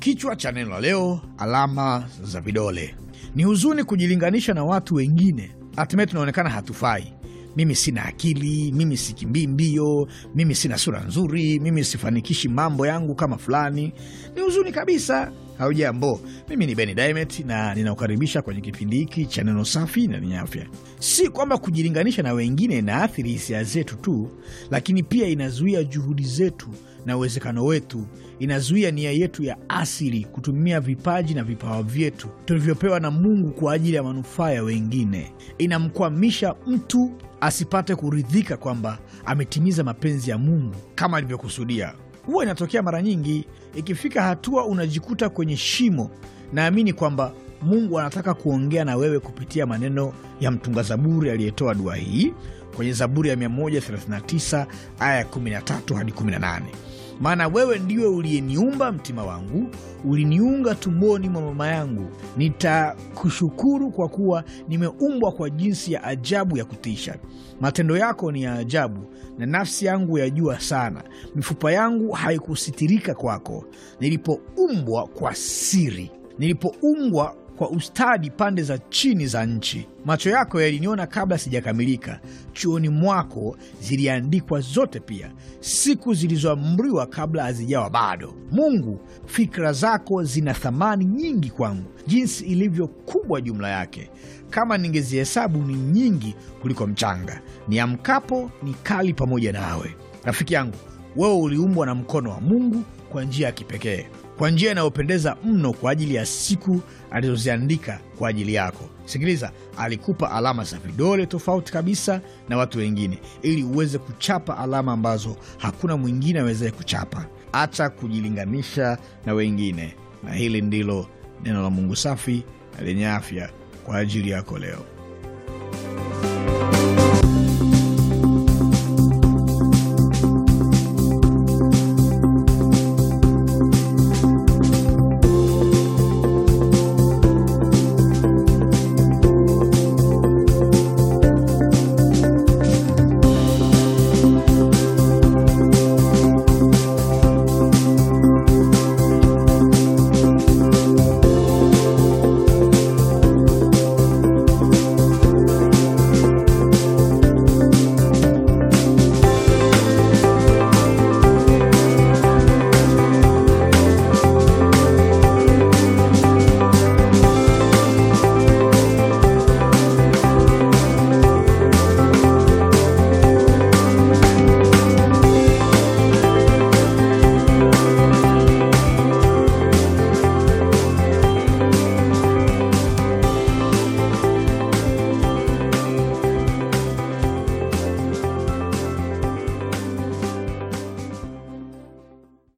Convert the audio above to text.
Kichwa cha neno la leo, alama za vidole. Ni huzuni kujilinganisha na watu wengine, hatimaye tunaonekana hatufai. Mimi sina akili, mimi sikimbii mbio, mimi sina sura nzuri, mimi sifanikishi mambo yangu kama fulani. Ni huzuni kabisa. Haujambo, mimi ni Beni Dimet na ninakukaribisha kwenye kipindi hiki cha neno safi na lenye afya. Si kwamba kujilinganisha na wengine inaathiri hisia zetu tu, lakini pia inazuia juhudi zetu na uwezekano wetu, inazuia nia yetu ya asili kutumia vipaji na vipawa vyetu tulivyopewa na Mungu kwa ajili ya manufaa ya wengine. Inamkwamisha mtu asipate kuridhika kwamba ametimiza mapenzi ya Mungu kama alivyokusudia. Huwa inatokea mara nyingi, ikifika hatua unajikuta kwenye shimo. Naamini kwamba Mungu anataka kuongea na wewe kupitia maneno ya mtunga zaburi aliyetoa dua hii kwenye Zaburi ya 139 aya 13 hadi 18 maana wewe ndiwe uliyeniumba mtima wangu, uliniunga tumboni mwa mama yangu. Nitakushukuru kwa kuwa nimeumbwa kwa jinsi ya ajabu ya kutisha. Matendo yako ni ya ajabu, na nafsi yangu yajua sana. Mifupa yangu haikusitirika kwako, nilipoumbwa kwa siri, nilipoumbwa kwa ustadi pande za chini za nchi. Macho yako yaliniona kabla sijakamilika, chuoni mwako ziliandikwa zote, pia siku zilizoamriwa kabla hazijawa bado. Mungu, fikra zako zina thamani nyingi kwangu, jinsi ilivyo kubwa jumla yake! Kama ningezihesabu ni nyingi kuliko mchanga. Niamkapo ni kali pamoja nawe. Rafiki yangu, wewe uliumbwa na mkono wa Mungu kwa njia ya kipekee kwa njia inayopendeza mno kwa ajili ya siku alizoziandika kwa ajili yako. Sikiliza, alikupa alama za vidole tofauti kabisa na watu wengine, ili uweze kuchapa alama ambazo hakuna mwingine awezaye kuchapa. Acha kujilinganisha na wengine, na hili ndilo neno la Mungu safi na lenye afya kwa ajili yako leo.